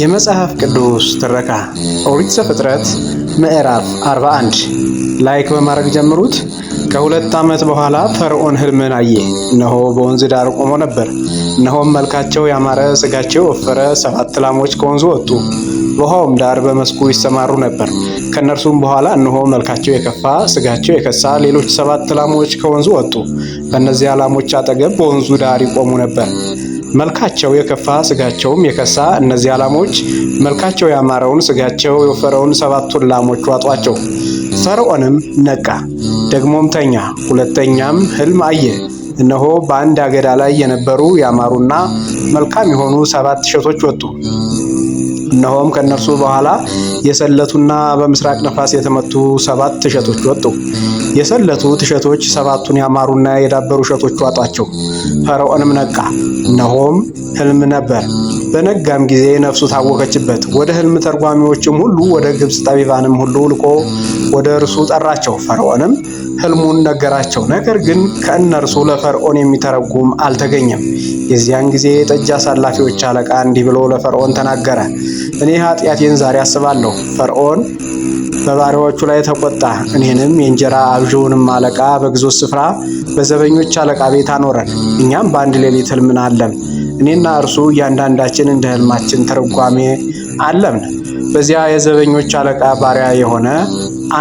የመጽሐፍ ቅዱስ ትረካ ኦሪት ዘፍጥረት ምዕራፍ 41 ላይክ በማድረግ ጀምሩት። ከሁለት ዓመት በኋላ ፈርዖን ሕልምን አየ። እነሆ በወንዝ ዳር ቆሞ ነበር። እነሆም መልካቸው ያማረ፣ ስጋቸው የወፈረ ሰባት ላሞች ከወንዙ ወጡ፣ በውሃውም ዳር በመስኩ ይሰማሩ ነበር። ከእነርሱም በኋላ እነሆ መልካቸው የከፋ፣ ስጋቸው የከሳ ሌሎች ሰባት ላሞች ከወንዙ ወጡ። በእነዚያ ላሞች አጠገብ በወንዙ ዳር ይቆሙ ነበር። መልካቸው የከፋ ስጋቸውም የከሳ እነዚህ ላሞች መልካቸው ያማረውን ስጋቸው የወፈረውን ሰባቱን ላሞች ዋጧቸው። ፈርዖንም ነቃ፣ ደግሞም ተኛ። ሁለተኛም ህልም አየ። እነሆ በአንድ አገዳ ላይ የነበሩ ያማሩና መልካም የሆኑ ሰባት እሸቶች ወጡ። እነሆም ከእነርሱ በኋላ የሰለቱና በምስራቅ ነፋስ የተመቱ ሰባት እሸቶች ወጡ። የሰለቱት እሸቶች ሰባቱን ያማሩና የዳበሩ እሸቶች ዋጧቸው። ፈርዖንም ነቃ፣ እነሆም ህልም ነበር። በነጋም ጊዜ ነፍሱ ታወከችበት። ወደ ህልም ተርጓሚዎችም ሁሉ ወደ ግብፅ ጠቢባንም ሁሉ ልኮ ወደ እርሱ ጠራቸው። ፈርዖንም ህልሙን ነገራቸው። ነገር ግን ከእነርሱ ለፈርዖን የሚተረጉም አልተገኘም። የዚያን ጊዜ የጠጅ አሳላፊዎች አለቃ እንዲህ ብሎ ለፈርዖን ተናገረ፣ እኔ ኃጢአቴን ዛሬ አስባለሁ አላቸው። ፈርዖን በባሪያዎቹ ላይ ተቆጣ። እኔንም የእንጀራ አብዥውንም አለቃ በግዞት ስፍራ በዘበኞች አለቃ ቤት አኖረን። እኛም በአንድ ሌሊት ሕልምን አለም። እኔና እርሱ እያንዳንዳችን እንደ ህልማችን ትርጓሜ አለምን። በዚያ የዘበኞች አለቃ ባሪያ የሆነ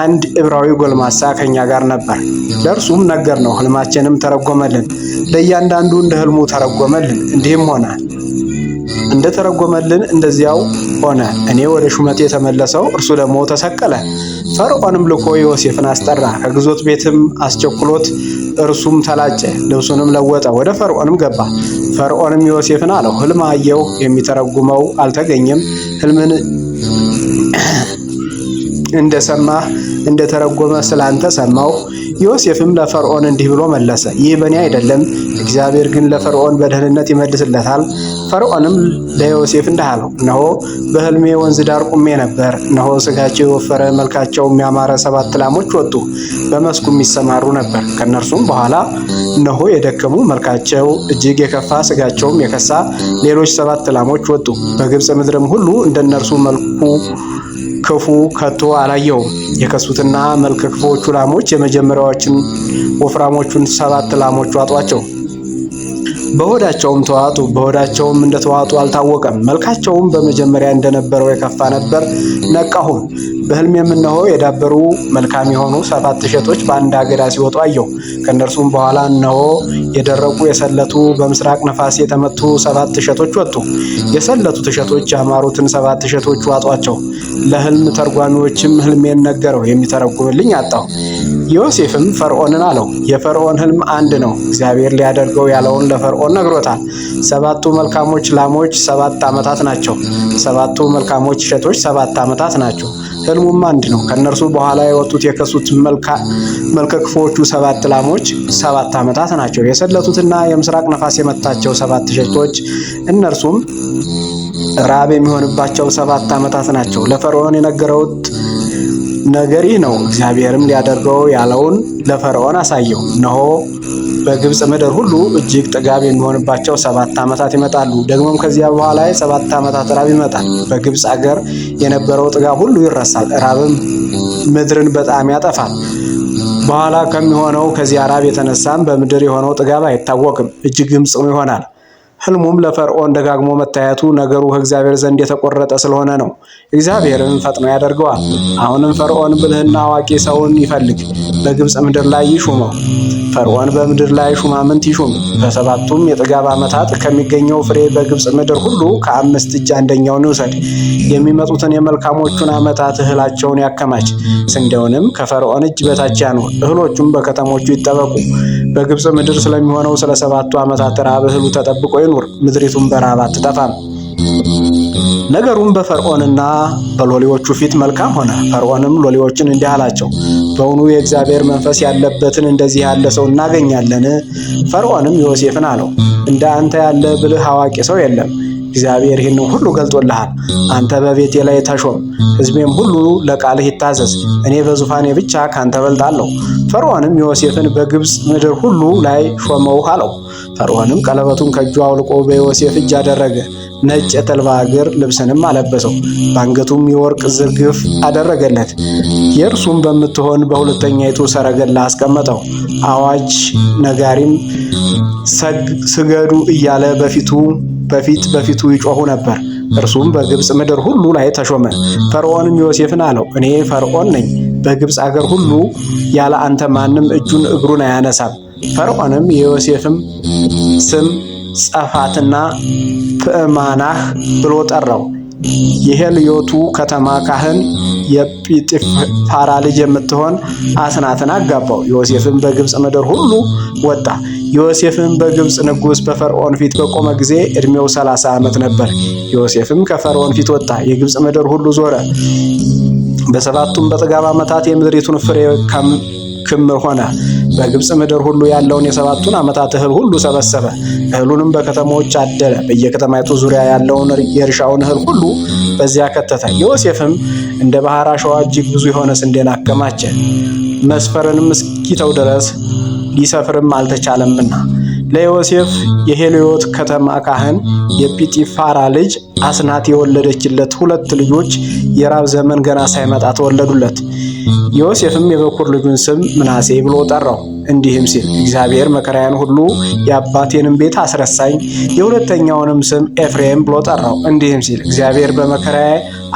አንድ ዕብራዊ ጎልማሳ ከኛ ጋር ነበር። ለእርሱም ነገር ነው። ህልማችንም ተረጎመልን፣ ለእያንዳንዱ እንደ ህልሙ ተረጎመልን። እንዲህም ሆነ እንደተረጎመልን እንደዚያው ሆነ። እኔ ወደ ሹመቴ የተመለሰው እርሱ ደግሞ ተሰቀለ። ፈርዖንም ልኮ ዮሴፍን አስጠራ፣ ከግዞት ቤትም አስቸኩሎት እርሱም ተላጨ፣ ልብሱንም ለወጠ፣ ወደ ፈርዖንም ገባ። ፈርዖንም ዮሴፍን አለው፣ ሕልም አየሁ፣ የሚተረጉመው አልተገኘም። ሕልምን እንደሰማህ እንደተረጎመ ስላንተ ሰማሁ ዮሴፍም ለፈርዖን እንዲህ ብሎ መለሰ፣ ይህ በእኔ አይደለም፣ እግዚአብሔር ግን ለፈርዖን በደህንነት ይመልስለታል። ፈርዖንም ለዮሴፍ እንዲህ አለው፣ እነሆ በሕልሜ ወንዝ ዳር ቁሜ ነበር። እነሆ ስጋቸው የወፈረ መልካቸውም ያማረ ሰባት ላሞች ወጡ፣ በመስኩ የሚሰማሩ ነበር። ከእነርሱም በኋላ እነሆ የደከሙ መልካቸው እጅግ የከፋ ስጋቸውም የከሳ ሌሎች ሰባት ላሞች ወጡ። በግብፅ ምድርም ሁሉ እንደነርሱ መልኩ ክፉ ከቶ አላየውም። የከሱትና መልከ ክፎቹ ላሞች የመጀመሪያው አውራዎችን ወፍራሞቹን ሰባት ላሞቹ ዋጧቸው። በሆዳቸውም ተዋጡ። በሆዳቸውም እንደተዋጡ አልታወቀም። መልካቸውም በመጀመሪያ እንደነበረው የከፋ ነበር። ነቃሁም። በህልም የምነሆ የዳበሩ መልካም የሆኑ ሰባት እሸቶች በአንድ አገዳ ሲወጡ አየሁ። ከእነርሱም በኋላ እነሆ የደረቁ የሰለቱ፣ በምስራቅ ነፋስ የተመቱ ሰባት እሸቶች ወጡ። የሰለቱት እሸቶች ያማሩትን ሰባት እሸቶች ዋጧቸው። ለህልም ተርጓሚዎችም ህልሜን ነገረው፣ የሚተረጉምልኝ አጣሁ። ዮሴፍም ፈርዖንን አለው፣ የፈርዖን ህልም አንድ ነው። እግዚአብሔር ሊያደርገው ያለውን ለፈርዖን ነግሮታል። ሰባቱ መልካሞች ላሞች ሰባት ዓመታት ናቸው። ሰባቱ መልካሞች እሸቶች ሰባት ዓመታት ናቸው። ህልሙም አንድ ነው። ከእነርሱ በኋላ የወጡት የከሱት መልከ ሰባት ላሞች ሰባት ዓመታት ናቸው። የሰለቱትና የምስራቅ ነፋስ የመታቸው ሰባት እሸቶች እነርሱም ራብ የሚሆንባቸው ሰባት ዓመታት ናቸው። ለፈርዖን የነገረውት ነገር ይህ ነው። እግዚአብሔርም ሊያደርገው ያለውን ለፈርዖን አሳየው። እነሆ በግብፅ ምድር ሁሉ እጅግ ጥጋብ የሚሆንባቸው ሰባት ዓመታት ይመጣሉ። ደግሞም ከዚያ በኋላ ሰባት ዓመታት ራብ ይመጣል። በግብፅ አገር የነበረው ጥጋብ ሁሉ ይረሳል። ራብም ምድርን በጣም ያጠፋል። በኋላ ከሚሆነው ከዚያ ራብ የተነሳም በምድር የሆነው ጥጋብ አይታወቅም፣ እጅግም ጽኑ ይሆናል። ህልሙም ለፈርዖን ደጋግሞ መታየቱ ነገሩ ከእግዚአብሔር ዘንድ የተቆረጠ ስለሆነ ነው። እግዚአብሔርም ፈጥኖ ያደርገዋል። አሁንም ፈርዖን ብልህና አዋቂ ሰውን ይፈልግ፣ በግብፅ ምድር ላይ ይሹመው። ፈርዖን በምድር ላይ ሹማምንት ይሹም። በሰባቱም የጥጋብ ዓመታት ከሚገኘው ፍሬ በግብፅ ምድር ሁሉ ከአምስት እጅ አንደኛውን ይውሰድ። የሚመጡትን የመልካሞቹን ዓመታት እህላቸውን ያከማች፣ ስንዴውንም ከፈርዖን እጅ በታች ያኑር። እህሎቹም በከተሞቹ ይጠበቁ። በግብፅ ምድር ስለሚሆነው ስለ ሰባቱ ዓመታት ራብ እህሉ ተጠብቆ ይኑር። ምድሪቱም በራብ አትጠፋም። ነገሩም በፈርዖንና በሎሌዎቹ ፊት መልካም ሆነ። ፈርዖንም ሎሌዎችን እንዲህ አላቸው፣ በውኑ የእግዚአብሔር መንፈስ ያለበትን እንደዚህ ያለ ሰው እናገኛለን? ፈርዖንም ዮሴፍን አለው፣ እንደ አንተ ያለ ብልህ አዋቂ ሰው የለም። እግዚአብሔር ይህን ሁሉ ገልጦልሃል። አንተ በቤቴ ላይ ተሾም፣ ሕዝቤም ሁሉ ለቃልህ ይታዘዝ። እኔ በዙፋኔ ብቻ ካንተ በልጣለሁ። ፈርዖንም ዮሴፍን በግብፅ ምድር ሁሉ ላይ ሾመው አለው። ፈርዖንም ቀለበቱን ከእጁ አውልቆ በዮሴፍ እጅ አደረገ። ነጭ የተልባ እግር ልብስንም አለበሰው፣ በአንገቱም የወርቅ ዝርግፍ አደረገለት። የእርሱም በምትሆን በሁለተኛይቱ ሰረገላ አስቀመጠው። አዋጅ ነጋሪም ስገዱ እያለ በፊቱ በፊት በፊቱ ይጮኹ ነበር። እርሱም በግብፅ ምድር ሁሉ ላይ ተሾመ። ፈርዖንም ዮሴፍን አለው፣ እኔ ፈርዖን ነኝ። በግብፅ አገር ሁሉ ያለ አንተ ማንም እጁን እግሩን አያነሳም። ፈርዖንም የዮሴፍም ስም ጸፋትና ትዕማናህ ብሎ ጠራው። የሄልዮቱ ከተማ ካህን የጲጥፋራ ልጅ የምትሆን አስናትን አጋባው። ዮሴፍም በግብፅ ምድር ሁሉ ወጣ። ዮሴፍም በግብፅ ንጉሥ በፈርዖን ፊት በቆመ ጊዜ ዕድሜው ሰላሳ ዓመት ነበር። ዮሴፍም ከፈርዖን ፊት ወጣ፣ የግብፅ ምድር ሁሉ ዞረ። በሰባቱም በጥጋብ ዓመታት የምድሪቱን ፍሬ ክምር ሆነ። በግብፅ ምድር ሁሉ ያለውን የሰባቱን ዓመታት እህል ሁሉ ሰበሰበ። እህሉንም በከተሞች አደለ። በየከተማይቱ ዙሪያ ያለውን የእርሻውን እህል ሁሉ በዚያ ከተተ። ዮሴፍም እንደ ባህር አሸዋ እጅግ ብዙ የሆነ ስንዴን አከማቸ። መስፈርንም እስኪተው ድረስ ሊሰፍርም አልተቻለምና ለዮሴፍ የሄልዮት ከተማ ካህን የጲጢፋራ ልጅ አስናት የወለደችለት ሁለት ልጆች የራብ ዘመን ገና ሳይመጣ ተወለዱለት። ዮሴፍም የበኩር ልጁን ስም ምናሴ ብሎ ጠራው፣ እንዲህም ሲል እግዚአብሔር መከራያን ሁሉ የአባቴንም ቤት አስረሳኝ። የሁለተኛውንም ስም ኤፍሬም ብሎ ጠራው፣ እንዲህም ሲል እግዚአብሔር በመከራዬ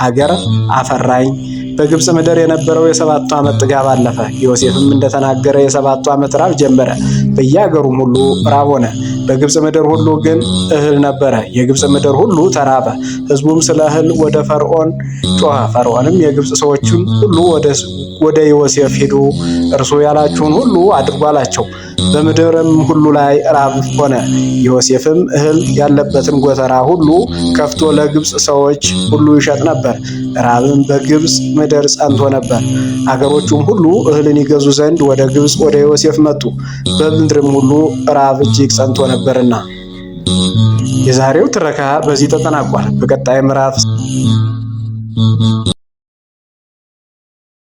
አገር አፈራኝ። በግብፅ ምድር የነበረው የሰባቱ ዓመት ጥጋብ አለፈ። ዮሴፍም እንደተናገረ የሰባቱ ዓመት ራብ ጀመረ። በየአገሩም ሁሉ ራብ ሆነ። በግብፅ ምድር ሁሉ ግን እህል ነበረ። የግብፅ ምድር ሁሉ ተራበ። ሕዝቡም ስለ እህል ወደ ፈርዖን ጮኸ። ፈርዖንም የግብፅ ሰዎችን ሁሉ ወደ ዮሴፍ ሂዱ፣ እርሱ ያላችሁን ሁሉ አድርጉ አላቸው። በምድርም ሁሉ ላይ ራብ ሆነ። ዮሴፍም እህል ያለበትን ጎተራ ሁሉ ከፍቶ ለግብፅ ሰዎች ሁሉ ይሸጥ ነበር። ራብም በግብፅ ምድር ጸንቶ ነበር። አገሮቹም ሁሉ እህልን ይገዙ ዘንድ ወደ ግብፅ ወደ ዮሴፍ መጡ፣ በምድርም ሁሉ ራብ እጅግ ጸንቶ ነበርና። የዛሬው ትረካ በዚህ ተጠናቋል። በቀጣይ ምዕራፍ